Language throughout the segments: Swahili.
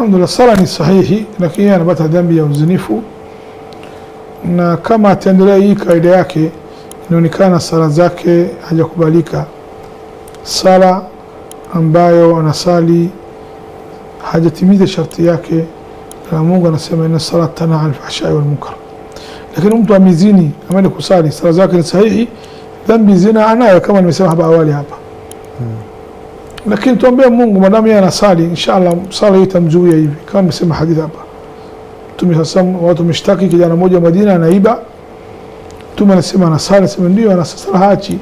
alhamdulillah sala ni sahihi lakini yeye anapata dhambi ya uzinifu na kama ataendelea hii kaida yake inaonekana sala zake hajakubalika sala ambayo anasali hajatimiza sharti yake na Mungu anasema ina sala tanha anil fahshai wal munkar lakini mtu amezini ameenda kusali sala zake ni sahihi dhambi zina anayo kama nimesema hapa awali hapa hmm lakini tuombee Mungu, maadamu yeye anasali, inshallah sala hii itamzuia hivi, kama nimesema hadithi hapa. Mtume sasa watu mshtaki kijana mmoja Madina anaiba. Mtume anasema anasali, sema ndio anasala hachi.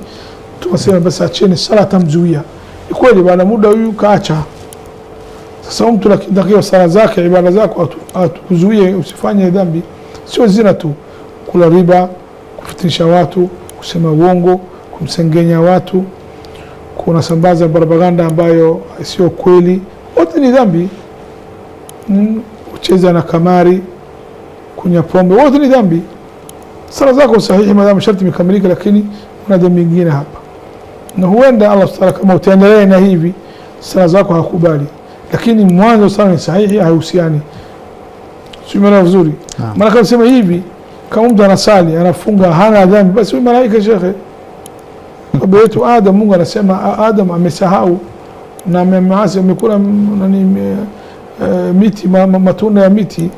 Mtume anasema basi acheni sala, itamzuia. Ni kweli, baada muda huyu kaacha. Sasa mtu lakini sala zake, ibada zako atukuzuie usifanye dhambi, sio zina tu, kula riba, kufitisha watu, kusema uongo, kumsengenya watu unasambaza propaganda ambayo sio kweli, wote ni dhambi. Kucheza mm, na kamari, kunya pombe, wote ni dhambi. Sala zako sahihi maadamu sharti imekamilika, lakini kuna dhambi nyingine hapa, na huenda Allah subhanahu kama utaendelea na hivi sala zako hakubali, lakini mwanzo sala ni sahihi, haihusiani sumela vizuri. Maana kama sema hivi, kama mtu anasali anafunga hana dhambi, basi malaika shekhe baba yetu Adam, Mungu anasema Adam amesahau na amemaasi, amekula nani, me, uh, miti ma, ma, matunda ya miti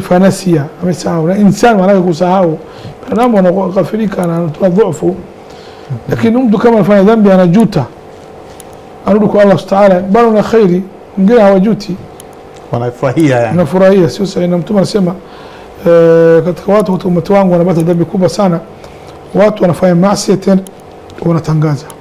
fanasia, amesahau. Na insani maanake kusahau, binadamu anakafirika na anatoa dhufu, lakini mtu kama anafanya dhambi anajuta, arudi kwa Allah subhanahu wa ta'ala, bado na khairi. Wengine hawajuti wanafurahia, yani wanafurahia, sio sahihi. Na mtume anasema e, katika watu watu umati wangu wanapata dhambi kubwa sana watu wanafanya maasi tena wanatangaza